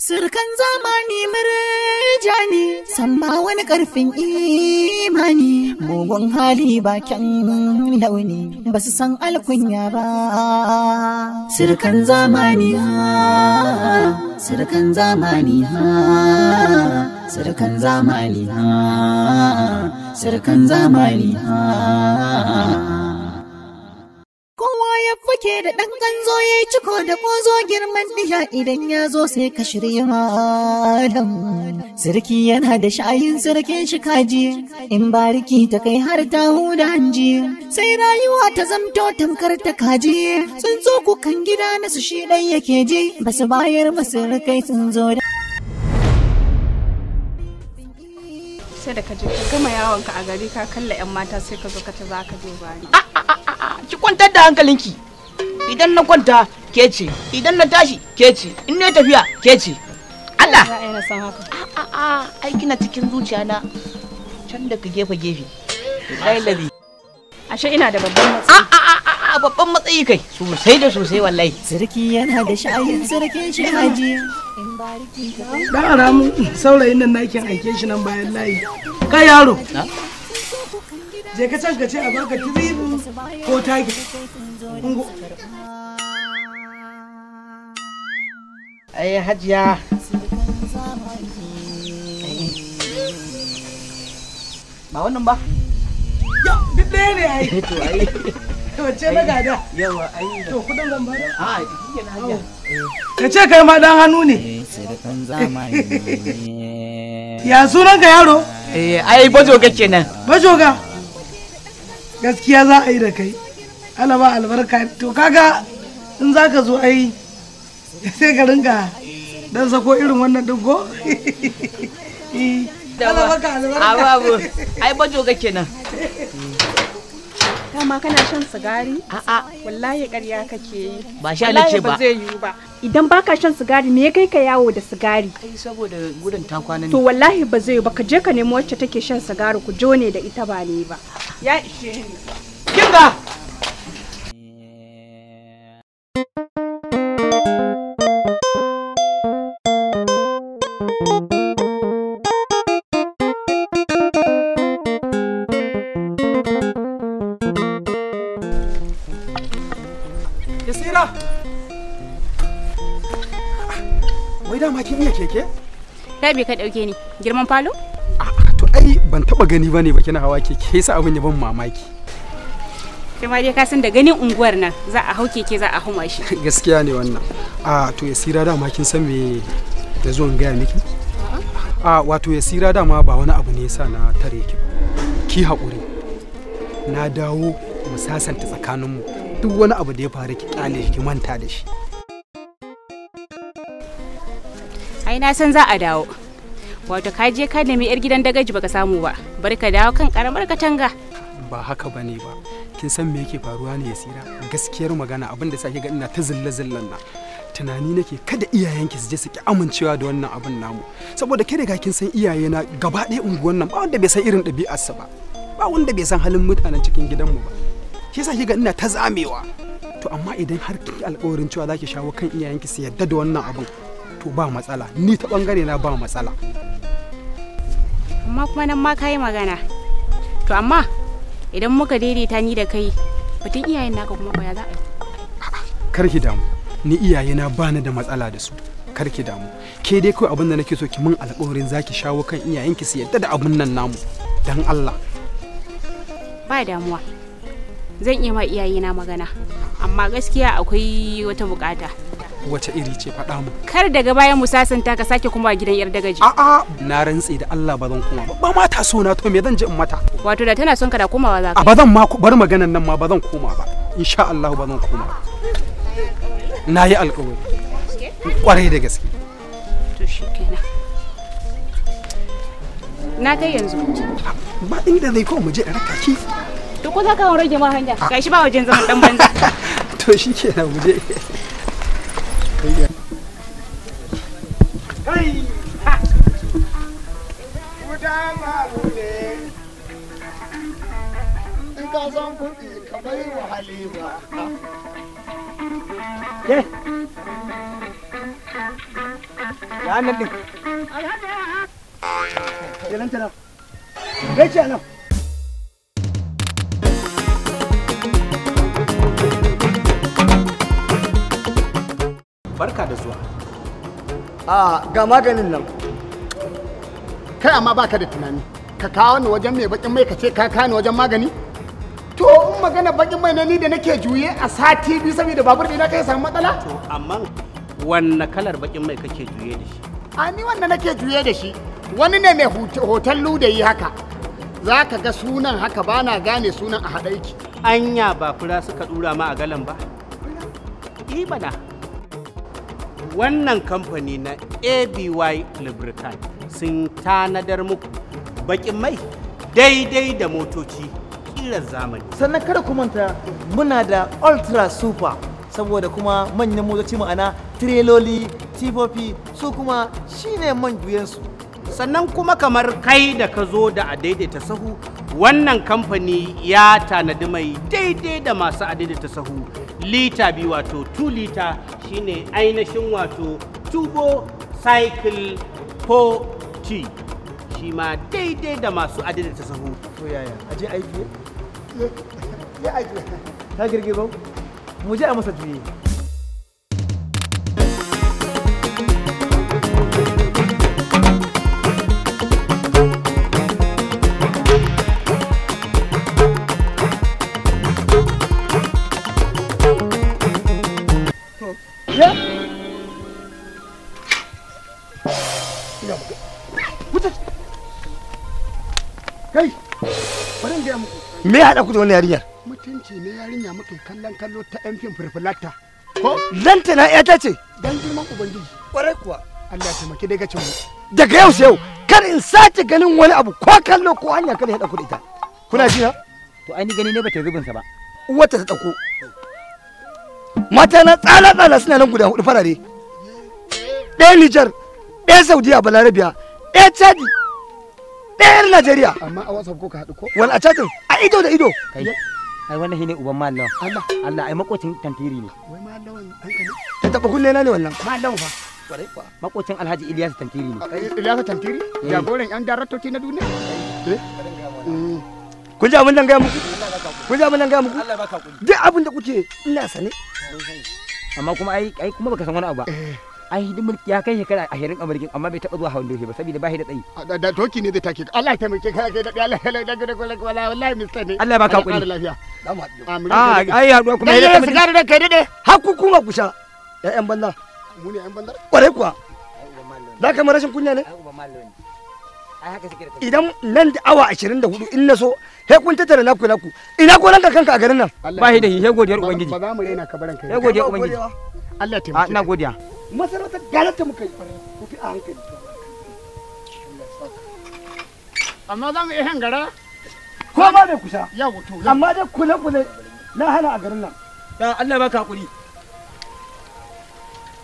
Surkan zamani murja ne, samma wani ƙarfin imani, mugun hali bakin launi, ba su san alkunya ba. Surkan zamani ha, surkan zamani ha, zamani ha, zamani ha. ya fuke da ɗan ganzo ya yi ciko da ƙozo girman diya idan ya zo sai ka shirya malam. Sarki yana da sha'ayin sarkin shi kaji, in bariki ta kai har ta huda hanji, sai rayuwa ta zamto tamkar ta kaji, zo kukan gida nasu shi ɗan yake ji, su bayar masu rikai sun zo da sai da ka je ka gama yawon ka a gari ka kalla yan mata sai ka zo ka ta zaka ka je bani ah, ah, ah, ki kwantar da hankalinki idan na kwanta ke ce idan na tashi ke ce in na tafiya ke ce Allah za san haka a a ai kina cikin zuciya na can da ka gefe gefe ai labi ashe ina da babban matsayi a a a a babban matsayi kai sosai da sosai wallahi sarki yana da sha'ayin sarki shi haji dan aramu saurayin nan na kin aike shi nan bayan layi ka yaro je ka can ka ce a baka tribu ko tagi ai hajiya ba wannan ba ya duk ai to ai to ce na to kudin zan bada ka ce kai ma dan hannu eh, ne ya sunan ka yaro eh ai bajoga kenan bajoga gaskiya za a yi da kai ala ba albarka to kaga in za ka zo ai sai ka ringa dan sako irin wannan dinko. Eh. ala ka albarka ai bajoga kenan kama kana shan sigari a'a wallahi ƙarya kake yi ba sha nace ba zai yiwu ba idan baka shan sigari me ya kai ka yawo da sigari ai saboda gudun ta kwana ne to wallahi ba zai yiwu ba ka je ka nemo wacce take shan sigari ku jone da ita ba ne ba ya ishe ni kinga Yasira! Wai dama kin iya keke? Rabi ka ɗauke ni, girman falo? To ai ban taɓa gani ba ne ba kina hawa keke, yasa abin ya ban mamaki. Kama dai ka san da ganin unguwar nan za a hau keke za a hau mashi. Gaskiya ne wannan. A to Yasira dama kin san me da zuwan gaya miki? A wato Yasira dama ba wani abu ne yasa na tare ki Ki haƙuri. Na dawo mu sasanta tsakaninmu. duk wani abu da ya faru ki kyale ki manta da shi ai na san za a dawo wato ka je ka nemi yar gidan dagaji baka samu ba bari ka dawo kan karamar katanga ba haka bane ba kin san me yake faruwa ne yasira gaskiyar magana abin da sake ga ina ta zulla zullan na tunani nake kada iyayenki su je su ki amincewa da wannan abin namu saboda ke riga kin san iyaye na gaba ɗaya unguwan nan ba wanda bai san irin ɗabi'arsa ba ba wanda bai san halin mutanen cikin gidanmu ba shi yasa ga ina ta zamewa to amma idan har ki alƙawarin cewa zaki shawo kan iyayenki su yadda da wannan abun to ba matsala ni ta bangare na ba matsala amma kuma nan ma kayi magana to amma idan muka daidaita ni da kai batun iyayen naka kuma ba za a yi kar ki damu ni iyaye ba ni da matsala da su kar ki damu ke dai kawai abin da nake so ki min alƙawarin zaki shawo kan iyayenki su yadda da abin nan namu dan Allah ba damuwa zan iya ma iyayena magana amma gaskiya akwai wata bukata wata iri ce faɗa mu kar daga bayan mu sasanta ka sake kuma gidan yar dagaji a'a na rantse da Allah ba zan koma ba ma ta so na to me zan ji in mata wato da tana son ka da komawa za ka ba zan ma bar maganan nan ma ba zan koma ba insha Allah ba zan koma na yi alƙawari kwarai da gaske to shikenan na kai yanzu ba inda zai ko mu je da rakaki To ko za ka rage ma hanya? Ah. Gashi ba wajen zaman dan banza. To shi ke nan muje. Ke? Ya nan din. Ya nan tana. Gaci nan. ga maganin nan kai amma baka da tunani ka kawo ni wajen mai bakin mai ka ce ka kawo ni wajen magani to in magana bakin mai na ni da nake juye a sati biyu saboda babur ɗina kai samu matsala to amma wanne kalar bakin mai kake juye da shi a ni wanda nake juye da shi wani ne mai da yi haka za ka ga sunan haka ba na gane sunan a haɗaiki anya ba fura suka dura ma a galan ba ibana wannan kamfani na ABY Lubricant sun tanadar muku bakin mai daidai da motoci kilar zamani. Sannan kada ku manta muna da Ultra Super saboda kuma manyan motoci ma'ana tireloli, tifofi su kuma shine man juyensu Sannan kuma kamar kai da ka zo da a daidaita sahu wannan kamfani ya tanadi mai daidai da masu a daidaita sahu lita biyu wato 2 lita shine ainihin wato tubo cycle ko t shi ma daidai da masu adadin ta sahu to yaya aje aiki ya aiki ta girgizo mu je a masa juye me haɗa ku da wani yarinyar mutunci ne yarinya muke kallon kallo ta yan fim firfilata ko Zanta na ƴata ce dan girman ubangiji kwarai kuwa Allah ya taimaki dai cin mu daga yau sai yau kar in sace ganin wani abu ko kallo ko hanya kada ya haɗa ku da ita kuna ji na to ai ni gani ne bata rubin sa ba uwarta ta ɗauko mata na tsala tsala suna nan guda hudu farare ɗaya Nijar ɗaya Saudiya Balarabiya ɗaya Chadi ɗayar Najeriya. Amma a WhatsApp ko haɗu ko? Wani a chatin a ido da ido. Kai ai wannan ne uban Allah Allah ai makocin tantiri ne. Wai mallam an ka ne. Ta taɓa na ne wannan. Mallam fa. Makocin Alhaji Iliyasu Tantiri ne. Iliyasu Tantiri? Eh. Jagoran yan daraktoci na duniya? Eh. Eh. ji abin da gaya muku? ji da gaya muku? ina sane. Amma kuma ai kuma baka san wani abu an mulki ya kai shekara ashirin a mulkin amma bai taɓa zuwa hawan doshi ba saboda ba shi da tsayi. da toki ne zai take Allah ta mulki ka kai da Allah ya lai daga daga wala wallahi mista ne Allah ya baka kuɗi lafiya a ah, ai haduwa kuma ya tafi sigara da kai dade hakku kuma ku sha ƴaƴan banza mu ne ƴaƴan banza kwarai kuwa da kamar rashin kunya ne idan nan da awa ashirin da hudu in na so he kun tattara naku naku ina ko ranka kanka a garin nan ba shi da shi he godiyar ubangiji ba za mu raina ka baranka he godiyar ubangiji Allah ya ah, taimake na godiya masarautar galata muka yi ku fi a hankali amma za mu iya gara ko ba da kusa ya wuto amma da kule kule na hana a garin nan dan Allah k'a hakuri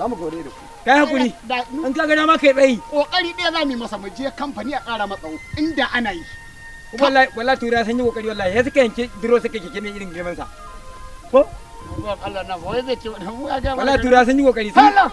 za mu gore da ku kai hakuri eh, in ka ga ma kai tsayi kokari ɗaya za mu yi masa mu je kamfani a ƙara matsawo inda ana yi wallahi wallahi tura san yi kokari wallahi ya suka yanke duro suka kike ne irin girman sa ko Allah na ba wai zai ce wala tura san yi kokari Allah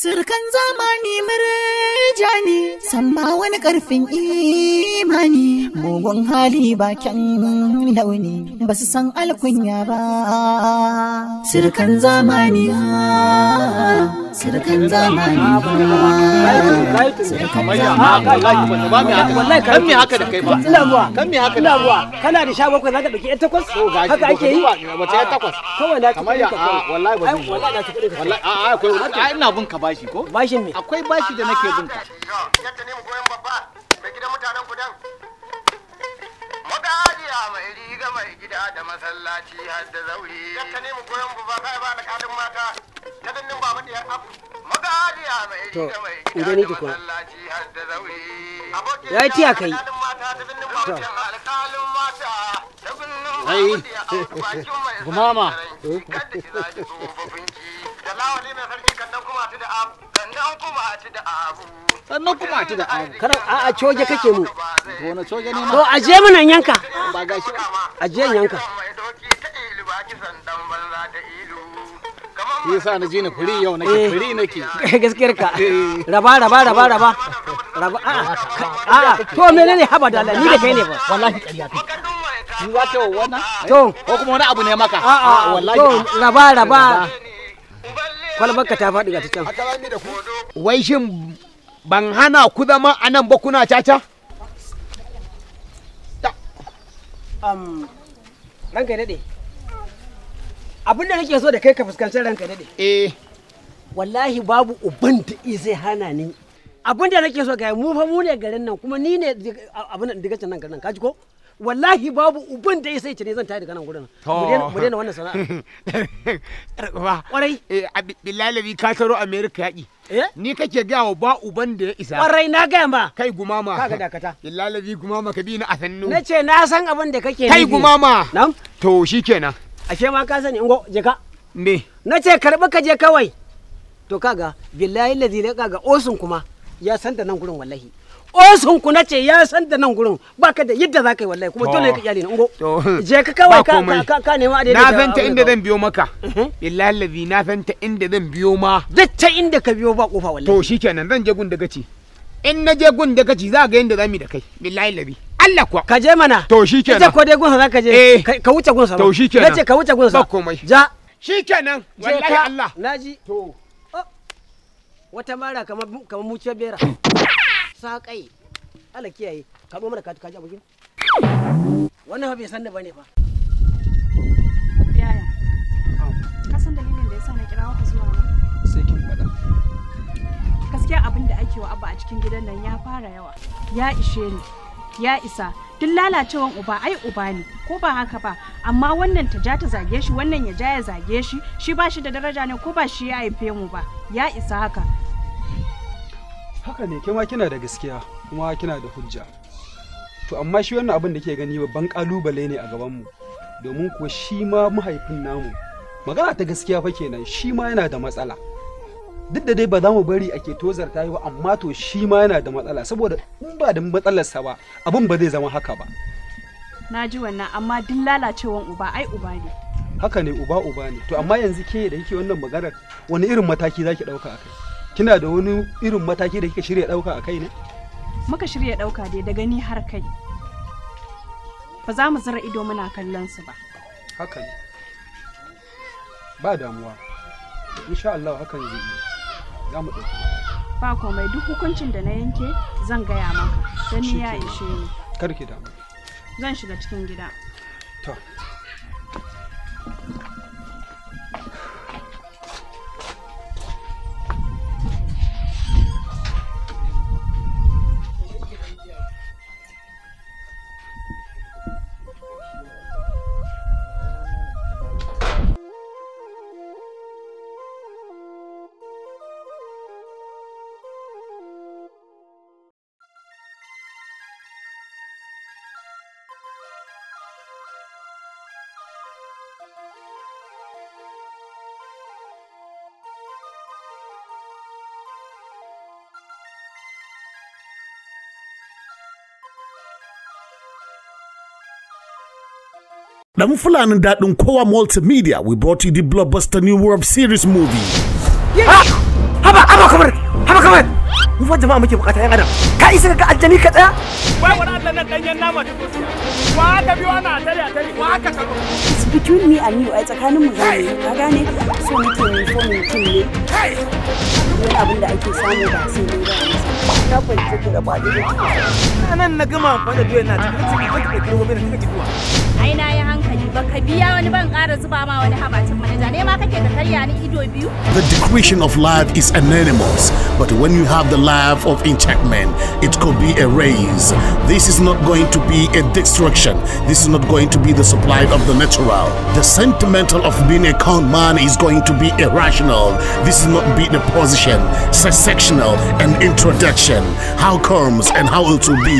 Surkan zamani murjani ne, samma wani karfin imani, mugun hali bakin launi, ba su san alkunya ba. Surkan zamani ha. surukan zamani haka da kai ba ina kan haka kana da sha bakwai zaka dauki yan takwas haka ake yi yan takwas kawai na kamar ya wallahi ba wallahi na wallahi a a akwai ina bin ka bashi ko bashin me akwai bashi da nake bin ka yadda ne mu goyen babba mai gidan mutanen mai riga mai gida da masallaci har da zauri. Yadda ne mu babba kai ba da kalin mata. Yadda ne to idan nake ya ci a kai to gumama sannan kuma a da abu a a coge kake mu wani coge ne ma aje mu nan yanka ba gashi aje yanka shi yasa na ji na firi yau nake eh. firi nake eh, gaskiyar ka eh. raba raba raba raba raba a a to menene haba da ni da kai ne ba wallahi ƙarya kai ni wato wannan to ko kuma wani abu ne maka a a wallahi to raba raba ka ta faɗi ga ta can wai shin ban hana ku zama a nan ba kuna caca ranka daɗe abin da nake so da kai ka fuskanci ranka dade eh wallahi babu uban da zai hana ni abin da nake so kai mu fa mu ne garin nan kuma ni ne abin da diga nan garin nan kaji ko wallahi babu uban da sai ce ne zan tayi daga nan gurin mu daina wannan sana'a ba kwarai eh bilalabi ka taro america yaki eh? ni kake ga wa ba uban da ya isa Warai na ga ma kai gumama kaga dakata bilalabi gumama ka bi ni a sannu nace na san abin da kake kai gumama na'am to shikenan ashe ma ka sani ingo je ka me na ce karbi ka je kawai to kaga billahi lazi la kaga osun kuma ya san da nan gurin wallahi osun ku na ce ya san da nan gurin baka da yadda zaka yi wallahi kuma dole ka iyali ingo je ka kawai ka ka ka nema a daidai na fanta inda zan biyo maka mhm. billahi lazi na fanta inda zan biyo ma duk ta inda ka biyo ba kofa wallahi to shikenan zan je gun da gaci in na je gun da gaci za ga yadda zamu da kai billahi lazi Allah kuwa ka je mana to shikenan ita ko dai gunsa zaka je eh. ka wuce gunsa to shi kenan. nace ka wuce gunsa ba komai ja Shi kenan. wallahi Allah naji to oh. wata mara kamar kamar muciyar bera sakai Allah kiyaye ka zo mana ka ji abokin wannan fa bai san da bane fa yaya ka san dalilin da ya sa na kira ka zuwa nan sai kin faɗa gaskiya abin da ake wa abba a cikin gidan nan ya fara yawa ya ishe ni ya isa duk lalacewan uba ai uba ne ko ba haka ba amma wannan ta ja ta zage shi wannan ya ja ya zage shi shi ba shi da daraja ne ko ba shi ya haife mu ba ya isa haka haka ne kima kina da gaskiya kuma kina da hujja to amma shi wannan abin da ke gani babban kalubale ne a gaban mu domin kuwa shi ma mahaifin namu magana ta gaskiya fa kenan shi ma yana da matsala duk da dai ba za mu bari ake tozarta yi ba amma to shi ma yana da matsala saboda in ba da matsalarsa ba abin ba zai zama haka ba na ji wannan amma duk lalacewan uba ai uba ne haka ne uba uba ne to amma yanzu ke da kike wannan maganar wani irin mataki zaki dauka akai kina da wani irin mataki da kika shirya dauka akai ne muka shirya dauka dai daga ni har kai ba za mu zira ido muna kallon su ba haka ne ba damuwa insha Allah hakan zai yi mu ɗauki ba komai duk hukuncin da na yanke zan gaya maka don ya ishe ni kar ki damu zan shiga cikin gida to Dan Fulani daɗin kowa multimedia, we brought you the blockbuster New World Series movie. Haba, haba kamar, haba kamar. Mu fa jama'a muke bukata yan adam. Ka isa ka aljani ka tsaya? Wai wani Allah na danyen nama duk Wa ka biyo ana atari atari, wa ka karo. It's between me and you, ai eh, tsakanin mu zai. Ka gane? So mutum ne, so mutum ne. Wani abin da ake samu ba sai ne ba. the decretion of life is anonymous but when you have the life of enchantment it could be a raise this is not going to be a destruction this is not going to be the supply of the natural the sentimental of being a con man is going to be irrational this is not be the position sectional and introduction Ibadan, how comes and how it will be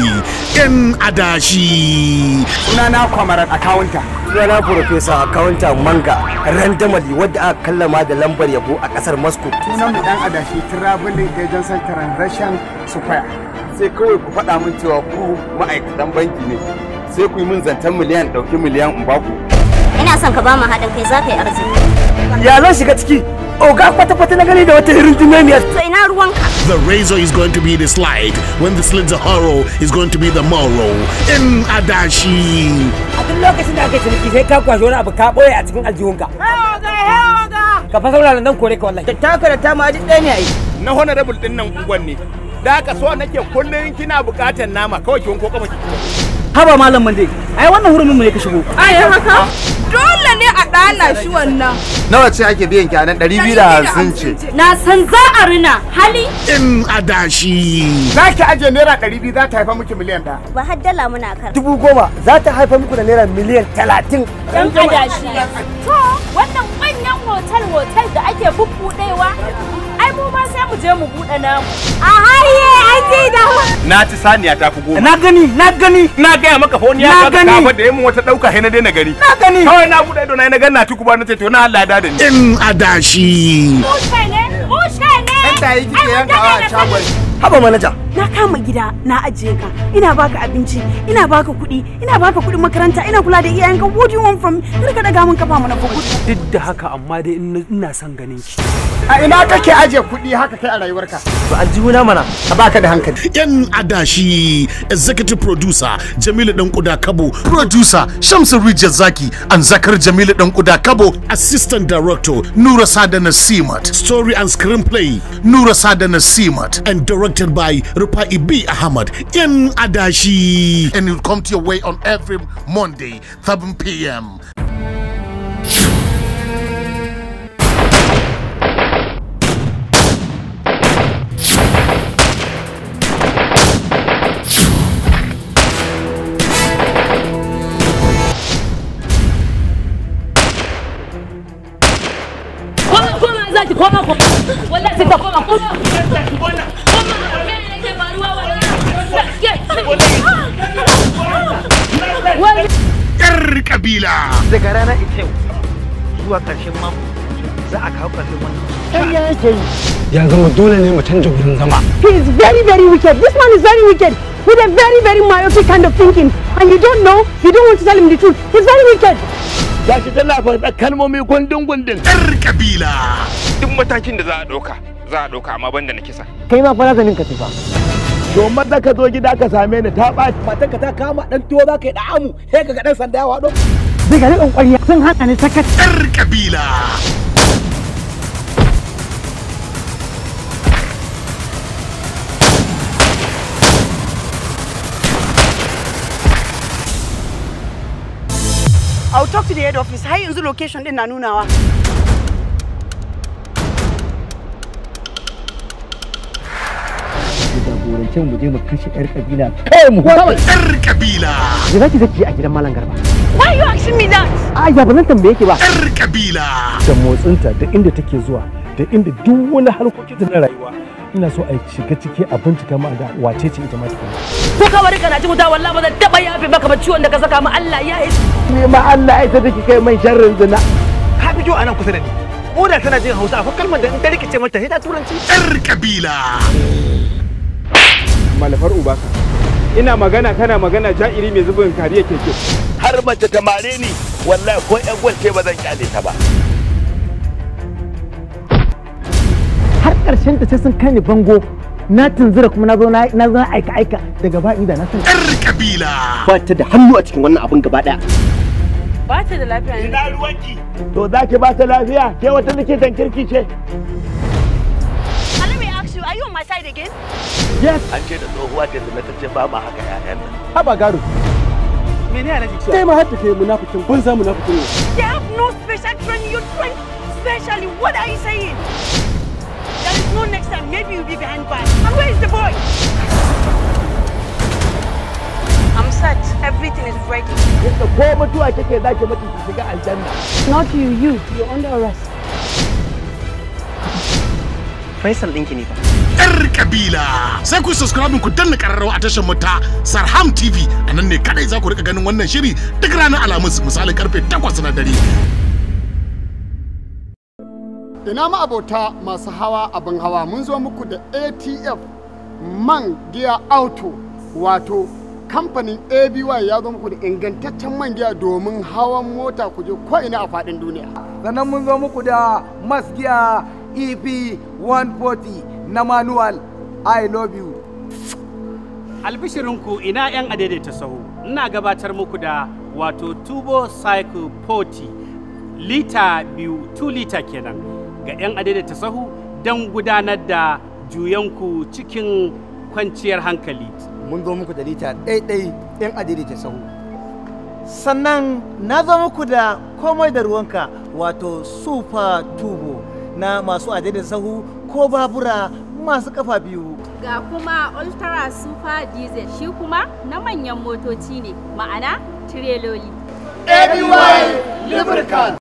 in Adashi. Sunana Kwamaran Akawunta. Sunana Profesa Akawunta Manga, Randomly, wadda aka kallama da lambar Abu a kasar Moscow. Sunan mu dan Adashi Traveling and Russian Square. Sai kawai ku faɗa min cewa ku ma'aikatan banki ne. Sai ku yi min zancen miliyan ɗauki miliyan in baku. Ina son ka ba mu haɗin kai za ka yi arziki. Ya zan shiga ciki? Oga kwata-kwata na gani da wata irin duniyar. To ina ruwanka? the razor is going to be the slide. When the slids are horror is going to be the morrow. In Adashi. A duk lokacin da ake ciniki sai ka kwashe wani abu ka boye a cikin aljihunka. Ka fa saurara nan kore ka wallahi. Da taka da ta ma duk ɗaya ne a yi. Na honorable ɗin nan unguwan ne. Da ka so nake kullum kina buƙatar nama kawai ki wanko kafa ki. Haba malam Mande, ai wannan hurumin mu ne ka shigo. Ai haka? Ah. Dole hana shi wannan. Nawa ce ake biyan ki anan ɗari biyu da hamsin ce. Na san za a rina hali. In adashi. Za ki ajiye naira ɗari biyu za ta haifa miki miliyan da. Ba haddala muna kar. Dubu goma za ta haifa muku da naira miliyan talatin. Dan adashi. To wannan manyan hotel hotel da ake bubbuɗewa. ai mu ma sai mu je mu buɗe namu. A haye aiki da. Na ci saniya ta fi goma. Na gani, na gani. Na gaya maka fa wani ya ga kafa da yamin wata ɗauka sai na daina gani. Na gani. Kawai na buɗe ido na na ganna tuku ba na ce to na Allah ya da ni. In adashi. Bushe ne, bushe ne. Ai mun daɗe da sani. haba manaja na kama gida na ajiye ka ina baka abinci ina baka kuɗi ina baka kuɗin makaranta ina kula da iyayenka what do you want from me ka daga mun kafa mana kuɗi duk da haka amma dai ina son ganin ki a ina kake aje kuɗi haka kai a rayuwarka to aljihuna mana a baka da hankali yan adashi executive producer Jamilu dan kuda kabo producer Shamsu Rijal Zaki and Zakar Jamilu dan kuda kabo assistant director Nura Sadana Simat story and screenplay Nura Sadana Simat and director appointed by Rupai B. Ahmad in Adashi. And it'll come to your way on every Monday, 7 p.m. zuwa ƙarshen mako za a kawo ƙarshen wannan. Ya Ya zama dole ne mu canja wurin zama. He is very very wicked. This man is very wicked. With a very very myopic kind of thinking. And you don't know, you don't want to tell him the truth. He's very wicked. Ya shi ta lafa da kalmomi gundun gundun. Ƙar kabila. Duk matakin da za a ɗauka, za a ɗauka amma banda na kisa. Kai ma fa zanin ka tufa. domin za ka zo gida ka same ni ta ɓaci matanka ta kama ɗan tuwo za ka yi ɗa'amu. sai ka ga ɗan sanda ya waɗo daga riƙon ƙwarya sun hana ni sakat. kabila. I'll talk to the head office. Har yanzu location din na nunawa. jagorance mu je mu kashe yar kabila kai mu kawai yar kabila ya zaki zaki a gidan malam garba why you asking me that a ya ban tambaye ki ba yar kabila da motsinta da inda take zuwa da inda duk wani harkokin ta na rayuwa ina so a shiga ciki a bincika ma da wace ce ita ma kuma. ko ka bari kana ji wuta wallahi ba zan taba yafe maka kamar ciwon da ka saka mu Allah ya isa ni ma Allah ya isa take kai mai sharrin zina ka fito anan kusa da ni ko da tana jin Hausa akwai kalmar da in ta rikice mata sai ta turanci yar kabila malafar ubaka ina magana kana magana ja'iri mai zubin kariya keke har mace ta mare ni wallahi ko yan gwalce ba zan kyale ta ba har karshen ta sai sun kai ni bango na tunzura kuma na zo na zo aika aika daga ba inda na san yar kabila ba ta da hannu a cikin wannan abin gaba daya ba ta da lafiya ne ina ruwanki to zaki ba ta lafiya ke wata likitan kirki ce are you on my side again? Yes. An ce da tsohuwa ta ce ba ma haka Haba garu. Mene Kai ma har munafikin za munafikin ne. have no special training you train specially what are you saying? There is no next time maybe you'll be behind bars. And where is the boy? I'm set. Everything is ready. Yadda ko mutuwa kake zaki mace ki shiga Not you, you. You're under arrest. Faisal ɗinki ne ba. ƴar kabila! Sai ku subscribe ku danna ƙararrawa a tashar mu ta Sarham TV. A nan ne kadai za ku rika ganin wannan shiri duk ranar Alhamis misalin karfe 8 na dare. Ina ma abota masu hawa abin hawa mun zo muku da ATF man giya auto wato kamfanin ABY ya zo muku da ingantaccen man giya domin hawan mota ku je ko ina a faɗin duniya. Sannan mun zo muku da mas giya ep 140 na manual i love you albishirinku ina 'yan adaidaita sahu ina gabatar muku da wato tubo cycle 40 lita biyu 2 lita kenan ga 'yan adaidaita sahu don gudanar da juyanku cikin kwanciyar hankali mun zo muku da lita ɗaiɗai 'yan adaidaita sahu sannan na zo muku da komai da ruwanka wato super tubo na masu adadin sahu ko babura masu kafa biyu ga kuma ultra super diesel shi kuma na manyan motoci ne ma'ana tireloli ABY Lubricant